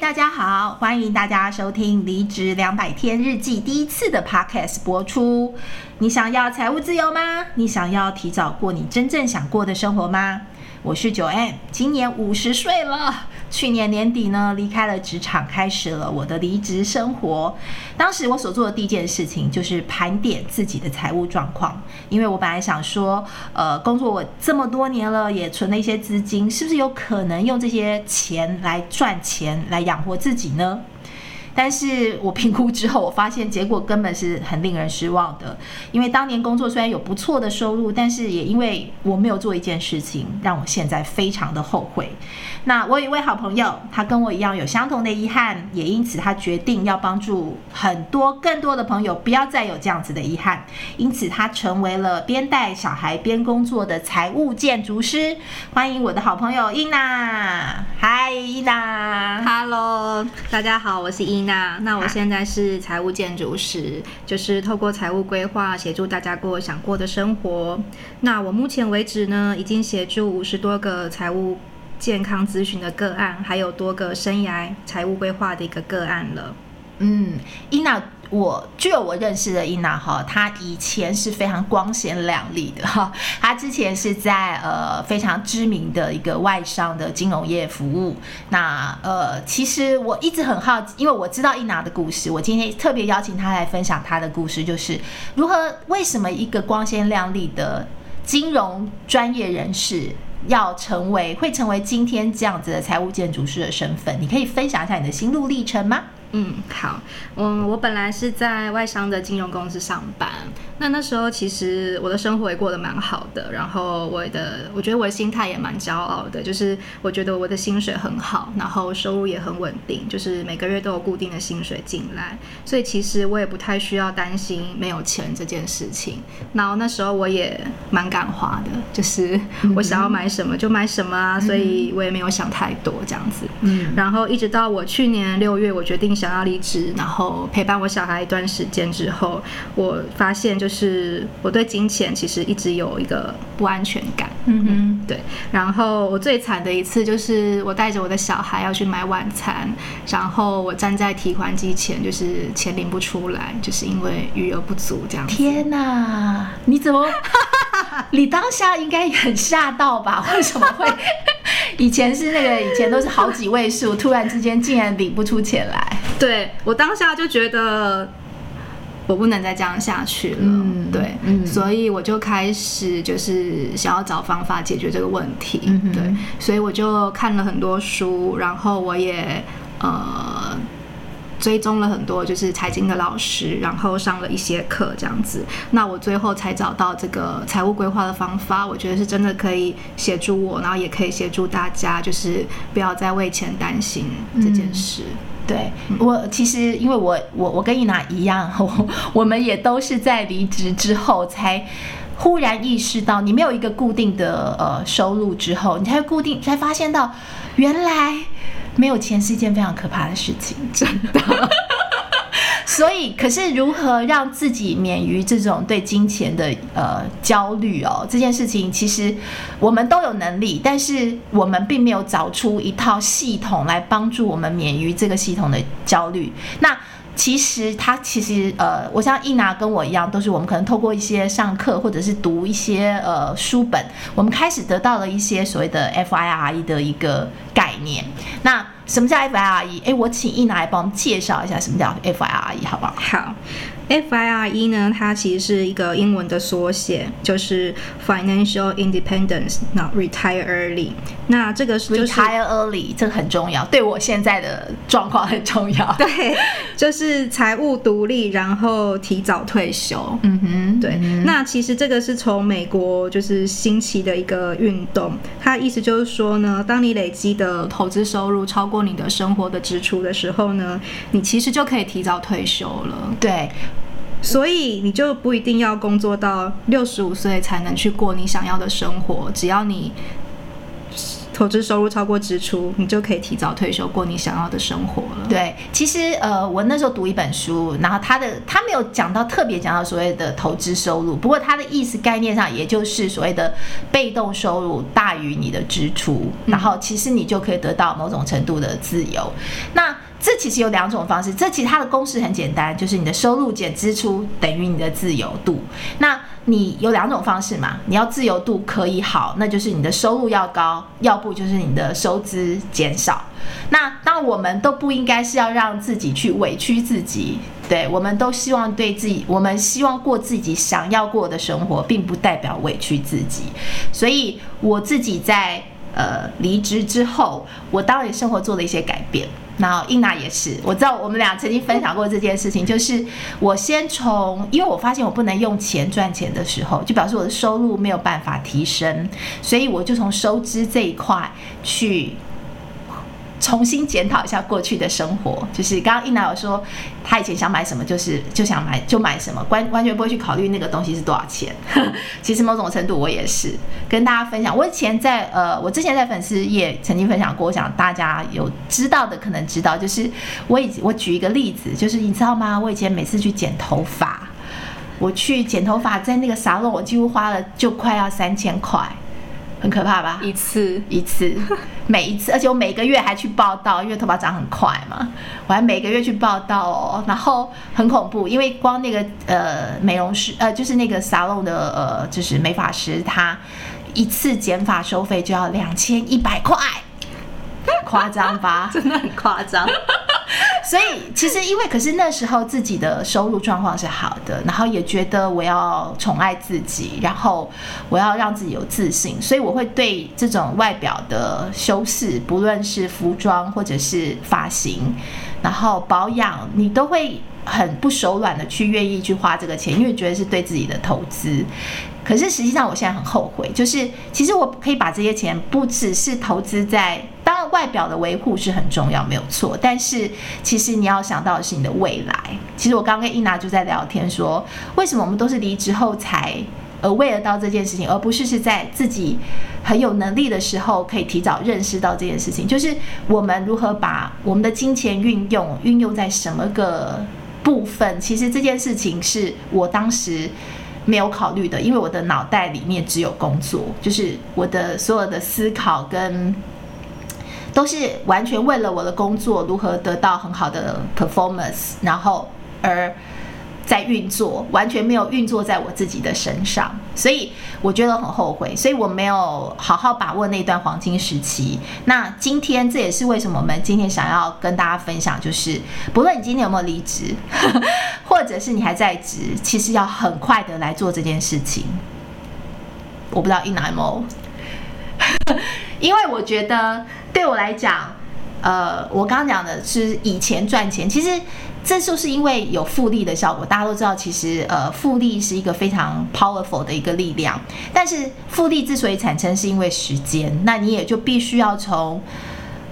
大家好，歡迎大家收聽《離職兩百天日記》第一次的 Podcast 播出。你想要財務自由嗎？你想要提早過你真正想過的生活嗎？我是九 M，今年五十歲了。去年年底呢，離開了職場，開始了我的離職生活。當時我所做的第一件事情就是盤點自己的財務狀況，因為我本來想說，呃，工作我這麼多年了，也存了一些資金，是不是有可能用這些錢來賺錢，來養活自己呢？但是我評估之後，我發現結果根本是很令人失望的。因為當年工作雖然有不錯的收入，但是也因為我沒有做一件事情，讓我現在非常的後悔。那我有一位好朋友，他跟我一樣有相同的遺憾，也因此他決定要幫助很多更多的朋友不要再有這樣子的遺憾，因此他成為了邊帶小孩邊工作的財務建築師。歡迎我的好朋友伊娜，嗨，伊娜，Hello，大家好，我是伊娜。那我現在是財務建築師，啊，就是透過財務規劃協助大家過想過的生活。那我目前為止呢，已經協助五十多個財務。健康諮詢的個案，還有多個生涯財務規劃的一個個案了。嗯，伊娜，我具有我認識的伊娜哈，她以前是非常光鮮亮麗的哈。她之前是在呃非常知名的一個外商的金融業服務。那呃，其實我一直很好奇，因為我知道伊娜的故事，我今天特別邀請她來分享她的故事，就是如何為什麼一個光鮮亮麗的金融專業人士。要成為會成為今天這樣子的財務建築師的身份，你可以分享一下你的心路歷程嗎？嗯好，嗯，我本來是在外商的金融公司上班，那那時候其實我的生活也過得蠻好的，然後我的我覺得我的心態也蠻驕傲的，就是我覺得我的薪水很好，然後收入也很穩定，就是每個月都有固定的薪水進來，所以其實我也不太需要擔心沒有錢這件事情。然後那時候我也蠻敢花的，就是我想要買什麼就買什麼啊，嗯嗯所以我也沒有想太多這樣子。嗯，然後一直到我去年六月，我決定想想要離職，然後陪伴我小孩一段時間之後，我發現就是我對金錢其實一直有一個不安全感。嗯哼，對。然後我最慘的一次就是我帶着我的小孩要去買晚餐，然後我站在提款機前，就是錢領不出來，就是因為餘額不足這樣。天哪！你怎麼？ 你當下應該很嚇到吧？為什麼會？ 以前是那個以前都是好幾位數，突然之間竟然領不出錢來。對，我當下就覺得我不能再這樣下去了，嗯、對，嗯、所以我就開始就是想要找方法解決這個問題，嗯、哼對，所以我就看了很多書，然後我也呃追蹤了很多就是財經的老師，然後上了一些課這樣子，那我最後才找到這個財務規劃的方法，我覺得是真的可以協助我，然後也可以協助大家，就是不要再為錢擔心這件事。嗯對，我其實，因為我我我跟伊娜一樣我，我們也都是在離職之後才忽然意識到，你沒有一個固定的呃收入之後，你才會固定才發現到，原來沒有錢是一件非常可怕的事情，真的。 所以，可是如何讓自己免於這種對金錢的呃焦慮哦？這件事情其實我們都有能力，但是我們並沒有找出一套系統來幫助我們免於這個系統的焦慮。那其實它其實呃，我像 Ina 跟我一樣，都是我們可能透過一些上課或者是讀一些呃書本，我們開始得到了一些所謂的 FIRE 的一個概念。那什麼叫 FIRE？哎、欸，我請 Ina 來幫我們介紹一下什麼叫 FIRE，好不好？好。FIRE 呢，它其實是一個英文的縮寫，就是 Financial Independence, Not Retire Early。那這個、就是 Retire Early 這個很重要，對我現在的狀況很重要。對，就是財務獨立，然後提早退休。嗯哼，對。嗯、哼那其實這個是從美國就是興起的一個運動，它意思就是說呢，當你累積的投資收入超過你的生活的支出的時候呢，你其實就可以提早退休了。對。所以你就不一定要工作到六十五歲才能去過你想要的生活，只要你投資收入超過支出，你就可以提早退休過你想要的生活了。對，其實呃，我那時候讀一本書，然後他的他沒有講到特別講到所謂的投資收入，不過他的意思概念上也就是所謂的被動收入大於你的支出，嗯、然後其實你就可以得到某種程度的自由。那這其實有兩種方式。這其實它的公式很簡單，就是你的收入減支出等於你的自由度。那你有兩種方式嘛，你要自由度可以好，那就是你的收入要高，要不就是你的收支減少。那那我們都不應該是要讓自己去委屈自己。對，我們都希望對自己，我們希望過自己想要過的生活，並不代表委屈自己。所以我自己在呃離職之後，我當然也生活做了一些改變。然後，英娜也是，我知道我們倆曾經分享過這件事情，就是我先從，因為我發現我不能用錢賺錢的時候，就表示我的收入沒有辦法提升，所以我就從收支這一塊去，重新檢討一下過去的生活，就是剛剛 Ina 有說，他以前想買什麼就是就想買就買什麼，完完全不會去考慮那個東西是多少錢呵。其實某種程度我也是跟大家分享，我以前在呃，我之前在粉絲頁曾經分享過，我想大家有知道的可能知道，就是我以我舉一個例子，就是你知道嗎？我以前每次去剪頭髮，我去剪頭髮在那個沙龍我幾乎花了就快要三千塊。很可怕吧？一次一次，每一次，而且我每個月還去報到，因為頭髮長很快嘛，我還每個月去報到哦。然後很恐怖，因為光那個呃美容師呃就是那個沙龍的呃就是美髮師，他一次剪髮收費就要兩千一百塊，誇張吧？真的很誇張。所以其實，因為可是那時候自己的收入狀況是好的，然後也覺得我要寵愛自己，然後我要讓自己有自信，所以我會對這種外表的修飾，不論是服裝或者是髮型，然後保養，你都會很不手軟的去願意去花這個錢，因為覺得是對自己的投資。可是實際上，我現在很後悔，就是其實我可以把這些錢不只是投資在。當然，外表的維護是很重要，沒有錯。但是，其實你要想到的是你的未來。其實我剛跟 Ina 就在聊天說，說為什麼我們都是離職後才 aware 到這件事情，而不是是在自己很有能力的時候可以提早認識到這件事情。就是我們如何把我們的金錢運用運用在什麼個部分？其實這件事情是我當時沒有考慮的，因為我的腦袋裡面只有工作，就是我的所有的思考跟。都是完全為了我的工作如何得到很好的 performance，然後而在運作，完全沒有運作在我自己的身上，所以我覺得很後悔，所以我沒有好好把握那段黃金時期。那今天這也是為什麼我們今天想要跟大家分享，就是不論你今天有沒有離職， 或者是你還在職，其實要很快的來做這件事情。我不知道 Ina 嗎？ 因為我覺得，對我來講，呃，我剛剛講的是以錢賺錢，其實這就是因為有複利的效果。大家都知道，其實呃，複利是一個非常 powerful 的一個力量。但是複利之所以產生，是因為時間，那你也就必須要從。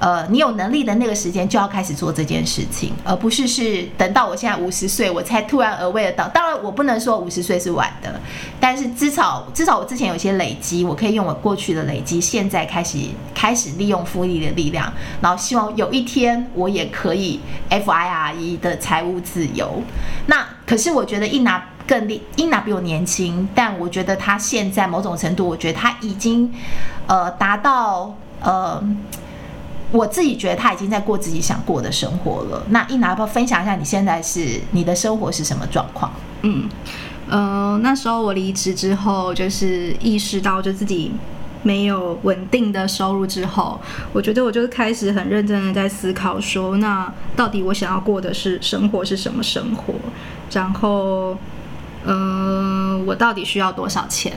呃，你有能力的那個時間就要開始做這件事情，而不是是等到我現在五十歲我才突然而為了到。當然，我不能說五十歲是晚的，但是至少至少我之前有些累積，我可以用我過去的累積，現在開始開始利用複利的力量，然後希望有一天我也可以 FIRE 的財務自由。那可是我覺得 Ina 更厲，Ina 比我年輕，但我覺得他現在某種程度，我覺得他已經呃達到呃。我自己覺得他已經在過自己想過的生活了。那 Ina，拿到分享一下你現在是你的生活是什麼狀況？嗯嗯、呃，那時候我離職之後，就是意識到就自己沒有穩定的收入之後，我覺得我就開始很認真的在思考說，那到底我想要過的是生活是什麼生活？然後，嗯、呃，我到底需要多少錢？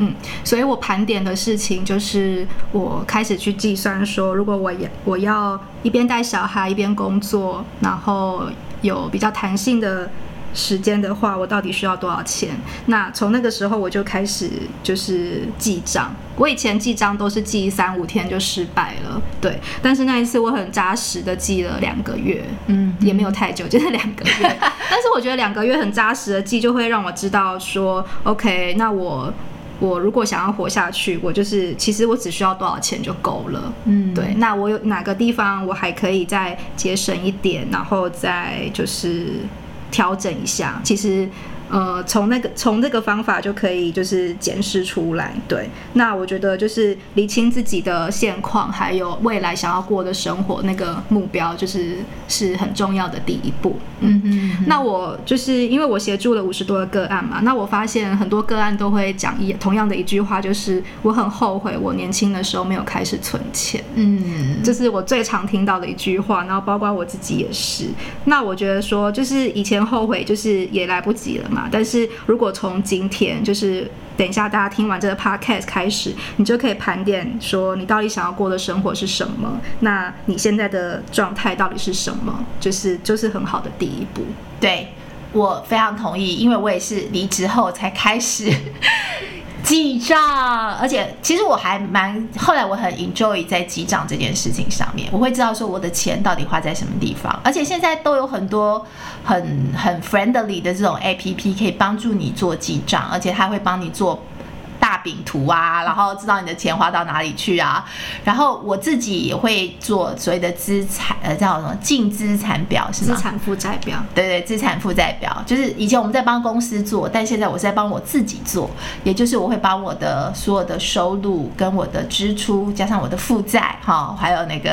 嗯，所以我盤點的事情就是，我開始去計算說，如果我也我要一邊帶小孩一邊工作，然後有比較彈性的時間的話，我到底需要多少錢？那從那個時候我就開始就是記賬。我以前記賬都是記三五天就失敗了，對。但是那一次我很扎實的記了兩個月，嗯、嗯，也沒有太久，就是兩個月。 但是我覺得兩個月很扎實的記，就會讓我知道說，OK，那我。我如果想要活下去，我就是其實我只需要多少錢就夠了。嗯，對，那我有哪個地方我還可以再節省一點，然後再就是調整一下。其實。呃，從那個從這個方法就可以就是檢視出來，對。那我覺得就是釐清自己的現況，還有未來想要過的生活那個目標，就是是很重要的第一步。嗯哼嗯哼。那我就是因為我協助了五十多個個案嘛，那我發現很多個案都會講一同樣的一句話，就是我很後悔我年輕的時候沒有開始存錢。嗯。這是我最常聽到的一句話，然後包括我自己也是。那我覺得說就是以前後悔就是也來不及了嘛。但是如果從今天，就是等一下大家聽完這個 podcast 開始，你就可以盤點說你到底想要過的生活是什麼，那你現在的狀態到底是什麼？就是就是很好的第一步。對，我非常同意，因為我也是離職後才開始。記賬，而且其實我還蠻，後來我很 enjoy 在記賬這件事情上面，我會知道說我的錢到底花在什麼地方，而且現在都有很多很很 friendly 的這種 APP 可以幫助你做記賬，而且它會幫你做。餅圖啊，然後知道你的錢花到哪裡去啊，然後我自己也會做所謂的資產，呃，叫什麼淨資產表，是嗎？資產負債表。對對，資產負債表就是以前我們在幫公司做，但現在我是在幫我自己做，也就是我會幫我的所有的收入跟我的支出加上我的負債，哈、哦，還有那個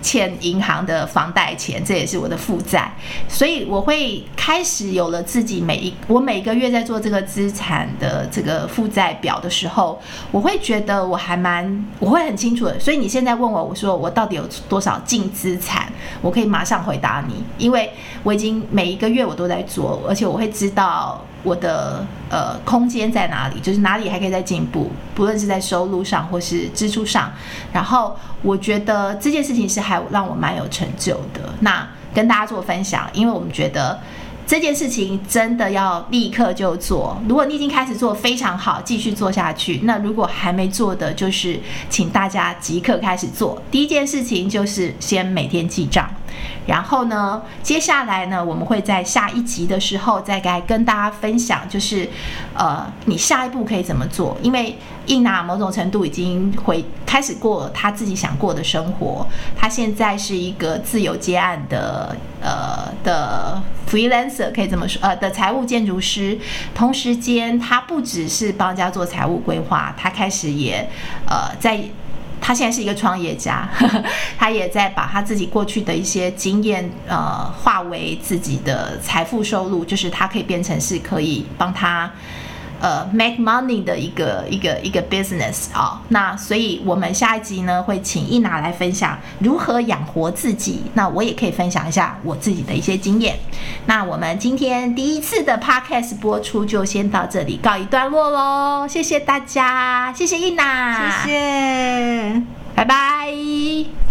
欠銀行的房貸錢，這也是我的負債，所以我會開始有了自己每一我每個月在做這個資產的這個負債表的時候。時候，我會覺得我還蠻，我會很清楚的。所以你現在問我，我說我到底有多少淨資產，我可以馬上回答你，因為我已經每一個月我都在做，而且我會知道我的呃空間在哪裡，就是哪裡還可以再進步，不論是在收入上或是支出上。然後我覺得這件事情是還讓我蠻有成就的。那跟大家做分享，因為我們覺得。這件事情真的要立刻就做。如果你已經開始做，非常好，繼續做下去。那如果還沒做的，就是請大家即刻開始做。第一件事情就是先每天記賬。然後呢，接下來呢，我們會在下一集的時候再該跟大家分享，就是，呃，你下一步可以怎麼做？因為伊娜某種程度已經回開始過她自己想過的生活，她現在是一個自由接案的呃的 freelancer，可以這麼說，呃的財務建築師。同時間，她不只是幫人家做財務規劃，她開始也呃在。他現在是一個創業家，呵呵，他也在把他自己過去的一些經驗，呃，化為自己的財富收入，就是他可以變成是可以幫他。呃，make money 的一個一個一個 business 啊，哦，那所以我們下一集呢會請 Ina 來分享如何養活自己，那我也可以分享一下我自己的一些經驗。那我們今天第一次的 podcast 播出就先到這裡告一段落嘍，謝謝大家，謝謝 Ina，謝謝，拜拜。